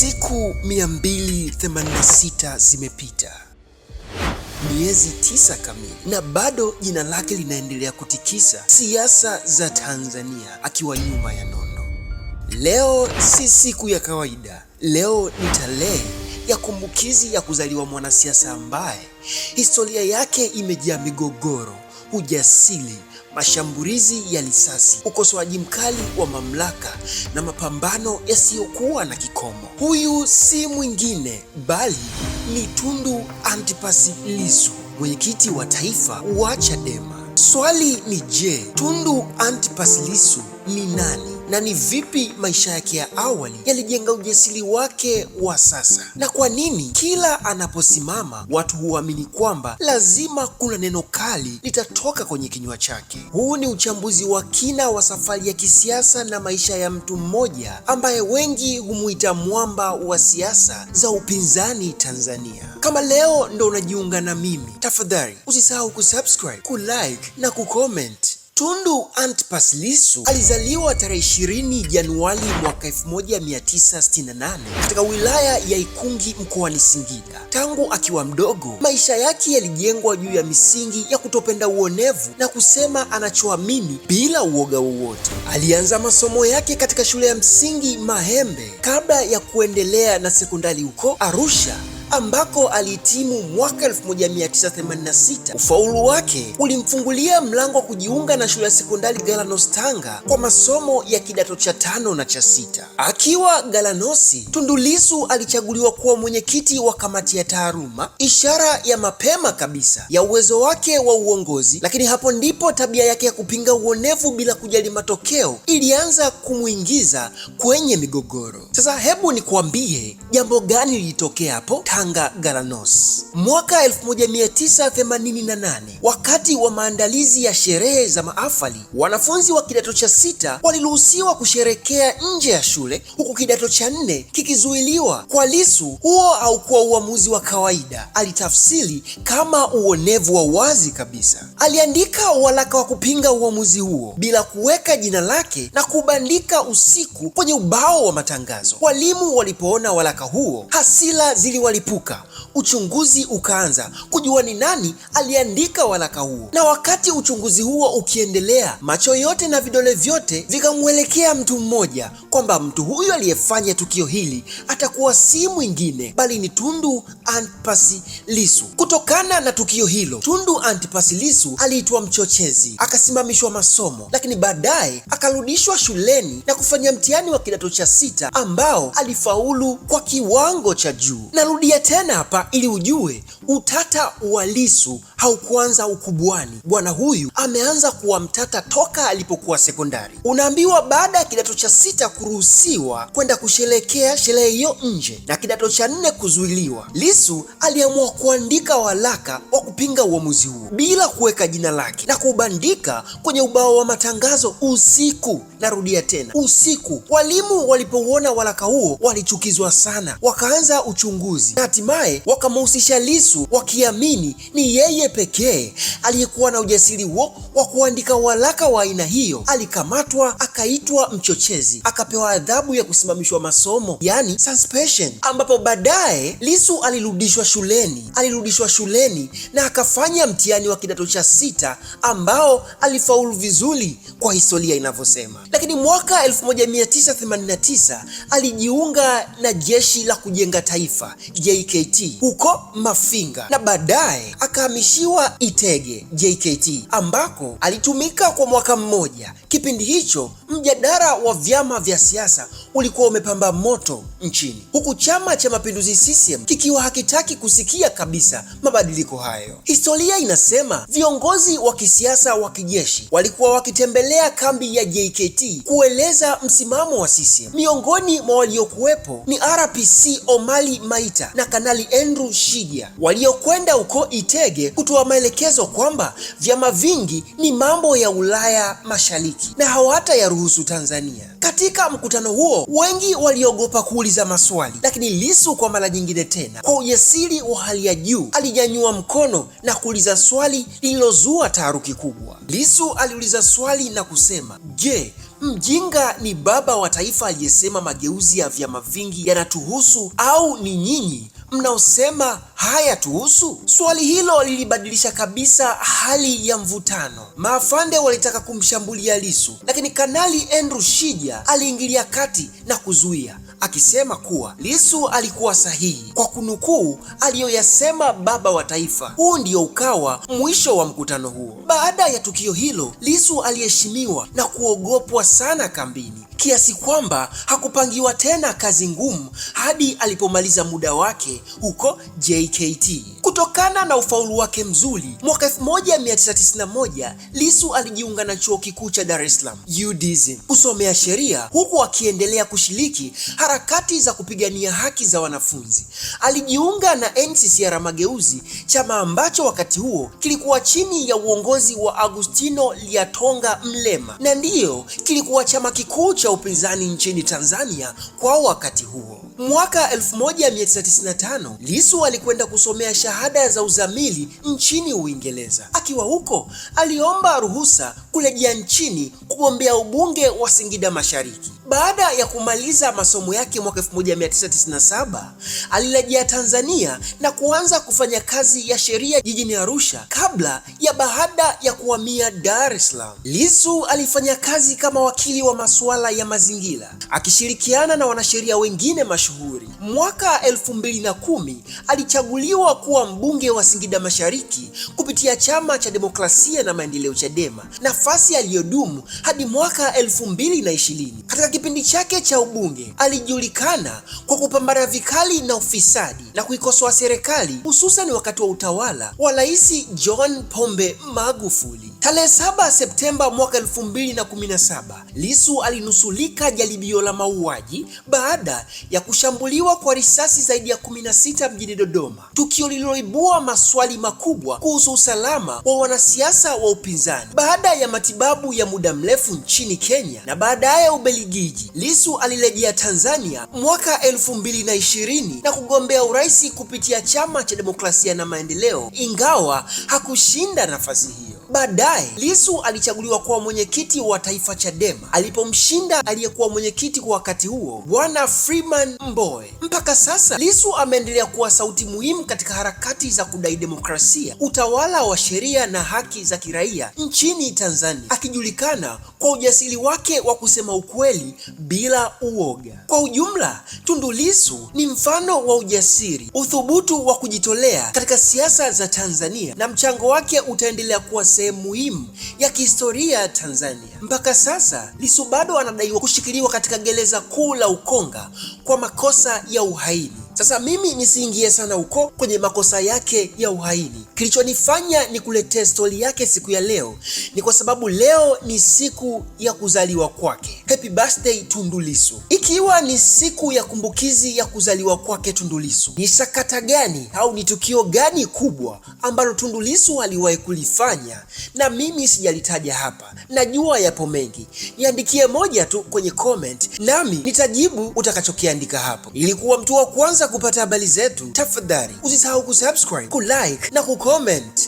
Siku 286 zimepita, miezi tisa kamili, na bado jina lake linaendelea kutikisa siasa za Tanzania akiwa nyuma ya nondo. Leo si siku ya kawaida. Leo ni tarehe ya kumbukizi ya kuzaliwa mwanasiasa ambaye historia yake imejaa migogoro, ujasiri mashambulizi ya risasi, ukosoaji mkali wa mamlaka na mapambano yasiyokuwa na kikomo. Huyu si mwingine bali ni Tundu Antipas Lissu, mwenyekiti wa taifa wa Chadema. Swali ni je, Tundu Antipas Lissu ni nani? na ni vipi maisha yake ya awali yalijenga ujasiri wake wa sasa, na kwa nini kila anaposimama watu huamini kwamba lazima kuna neno kali litatoka kwenye kinywa chake. Huu ni uchambuzi wa kina wa safari ya kisiasa na maisha ya mtu mmoja ambaye wengi humuita mwamba wa siasa za upinzani Tanzania. Kama leo ndo unajiunga na mimi, tafadhali usisahau kusubscribe, kulike na kucomment. Tundu Antipas Lissu alizaliwa tarehe 20 Januari mwaka 1968 katika wilaya ya Ikungi mkoani Singida. Tangu akiwa mdogo, maisha yake yalijengwa juu ya misingi ya kutopenda uonevu na kusema anachoamini bila uoga wowote. Alianza masomo yake katika shule ya msingi Mahembe kabla ya kuendelea na sekondari huko Arusha ambako alihitimu mwaka 1986. Ufaulu wake ulimfungulia mlango wa kujiunga na shule ya sekondari Galanos Tanga kwa masomo ya kidato cha tano na cha sita. Akiwa Galanosi, Tundu Lissu alichaguliwa kuwa mwenyekiti wa kamati ya taaruma, ishara ya mapema kabisa ya uwezo wake wa uongozi, lakini hapo ndipo tabia yake ya kupinga uonevu bila kujali matokeo ilianza kumwingiza kwenye migogoro. Sasa hebu nikuambie jambo gani lilitokea hapo. Tanga Galanos. Mwaka 1988 wakati wa maandalizi ya sherehe za maafali, wanafunzi wa kidato cha sita waliruhusiwa kusherekea nje ya shule, huku kidato cha nne kikizuiliwa. Kwa Lissu huo haukuwa uamuzi wa kawaida, alitafsiri kama uonevu wa wazi kabisa. Aliandika waraka wa kupinga uamuzi huo bila kuweka jina lake na kubandika usiku kwenye ubao wa matangazo. Walimu walipoona waraka huo, hasira ziliwalipa kuepuka. Uchunguzi ukaanza kujua ni nani aliandika waraka huo, na wakati uchunguzi huo ukiendelea, macho yote na vidole vyote vikamwelekea mtu mmoja kwamba mtu huyu aliyefanya tukio hili atakuwa si mwingine bali ni Tundu Antipas Lissu. Kutokana na tukio hilo, Tundu Antipas Lissu aliitwa mchochezi, akasimamishwa masomo, lakini baadaye akarudishwa shuleni na kufanya mtihani wa kidato cha sita ambao alifaulu kwa kiwango cha juu. Narudia tena hapa ili ujue utata wa Lissu haukuanza ukubwani. Bwana huyu ameanza kuwa mtata toka alipokuwa sekondari. Unaambiwa baada ya kidato cha sita kuruhusiwa kwenda kusherekea sherehe hiyo nje na kidato cha nne kuzuiliwa, lisu aliamua kuandika waraka wa kupinga uamuzi huo bila kuweka jina lake na kubandika kwenye ubao wa matangazo usiku Narudia tena, usiku. Walimu walipouona waraka huo walichukizwa sana, wakaanza uchunguzi na hatimaye wakamhusisha Lissu, wakiamini ni yeye pekee aliyekuwa na ujasiri huo wa kuandika waraka wa aina hiyo. Alikamatwa, akaitwa mchochezi, akapewa adhabu ya kusimamishwa masomo, yani suspension, ambapo baadaye Lissu alirudishwa shuleni, alirudishwa shuleni na akafanya mtihani wa kidato cha sita ambao alifaulu vizuri kwa historia inavyosema. Lakini mwaka 1989 alijiunga na jeshi la kujenga taifa JKT huko Mafinga na baadaye akahamishiwa Itege JKT ambako alitumika kwa mwaka mmoja. Kipindi hicho mjadala wa vyama vya siasa ulikuwa umepamba moto nchini, huku Chama cha Mapinduzi CCM kikiwa hakitaki kusikia kabisa mabadiliko hayo. Historia inasema viongozi wa kisiasa wa kijeshi walikuwa wakitembelea kambi ya JKT ACT kueleza msimamo wa CCM. Miongoni mwa waliokuwepo ni RPC Omali Maita na Kanali Andrew shija waliokwenda huko Itege kutoa maelekezo kwamba vyama vingi ni mambo ya Ulaya Mashariki na hawata ruhusu Tanzania. Katika mkutano huo wengi waliogopa kuuliza maswali, lakini lisu kwa mara nyingine tena kwa ujasiri wa hali ya juu alinyanyua mkono na kuuliza swali lililozua taharuki kubwa. lisu aliuliza swali na kusema, je, Mjinga ni baba wa taifa aliyesema mageuzi ya vyama vingi yanatuhusu au ni nyinyi mnaosema hayatuhusu? Swali hilo lilibadilisha kabisa hali ya mvutano. Maafande walitaka kumshambulia lisu lakini Kanali Andrew Shija aliingilia kati na kuzuia akisema kuwa Lissu alikuwa sahihi kwa kunukuu aliyoyasema baba wa taifa. Huu ndiyo ukawa mwisho wa mkutano huo. Baada ya tukio hilo, Lissu aliheshimiwa na kuogopwa sana kambini kiasi kwamba hakupangiwa tena kazi ngumu hadi alipomaliza muda wake huko JKT. Kutokana na ufaulu wake mzuri, mwaka 1991 Lissu alijiunga na chuo kikuu cha Dar es Salaam UDSM kusomea sheria huku akiendelea kushiriki harakati za kupigania haki za wanafunzi. Alijiunga na NCCR Mageuzi, chama ambacho wakati huo kilikuwa chini ya uongozi wa Agustino Lyatonga Mlema na ndiyo kilikuwa chama kikuu cha upinzani nchini Tanzania kwa wakati huo. Mwaka 1995 Lissu alikwenda kusomea shahada za uzamili nchini Uingereza. Akiwa huko, aliomba ruhusa kurejea nchini kugombea ubunge wa Singida Mashariki. Baada ya kumaliza masomo yake mwaka 1997 alirejea Tanzania na kuanza kufanya kazi ya sheria jijini Arusha kabla ya baada ya kuhamia Dar es Salaam. Lissu alifanya kazi kama wakili wa masuala ya mazingira akishirikiana na wanasheria wengine mashu mashuhuri. Mwaka 2010 alichaguliwa kuwa mbunge wa Singida Mashariki kupitia Chama cha Demokrasia na Maendeleo, Chadema, nafasi aliyodumu hadi mwaka 2020. Katika kipindi chake cha ubunge alijulikana kwa kupambana vikali na ufisadi na kuikosoa serikali, hususan wakati wa utawala wa Rais John Pombe Magufuli. Tarehe 7 Septemba mwaka 2017, Lissu alinusulika jaribio la mauaji baada ya kushambuliwa kwa risasi zaidi ya 16 mjini Dodoma, tukio lililoibua maswali makubwa kuhusu usalama wa wanasiasa wa upinzani. Baada ya matibabu ya muda mrefu nchini Kenya na baadaye Ubelgiji, Lissu alirejea Tanzania mwaka 2020 na kugombea urais kupitia Chama cha Demokrasia na Maendeleo, ingawa hakushinda nafasi hiyo. Baadaye Lissu alichaguliwa kuwa mwenyekiti wa taifa Chadema alipomshinda aliyekuwa mwenyekiti kwa wakati huo Bwana Freeman Mbowe. Mpaka sasa Lissu ameendelea kuwa sauti muhimu katika harakati za kudai demokrasia, utawala wa sheria na haki za kiraia nchini Tanzania, akijulikana kwa ujasiri wake wa kusema ukweli bila uoga. Kwa ujumla, Tundu Lissu ni mfano wa ujasiri, uthubutu wa kujitolea katika siasa za Tanzania na mchango wake utaendelea kuwa sehemu muhimu ya kihistoria ya Tanzania. Mpaka sasa Lissu bado anadaiwa kushikiliwa katika gereza kuu la Ukonga kwa makosa ya uhaini. Sasa mimi nisiingie sana huko kwenye makosa yake ya uhaini. Kilichonifanya nikuletee stori yake siku ya leo ni kwa sababu leo ni siku ya kuzaliwa kwake. Happy birthday Tundu Lissu. Ikiwa ni siku ya kumbukizi ya kuzaliwa kwake Tundu Lissu, ni sakata gani au ni tukio gani kubwa ambalo Tundu Lissu aliwahi kulifanya na mimi sijalitaja hapa? Najua yapo mengi, niandikie moja tu kwenye comment, nami nitajibu utakachokiandika hapo. Ilikuwa mtu wa kwanza kupata habari zetu, tafadhali usisahau kusubscribe, kulike na kucomment.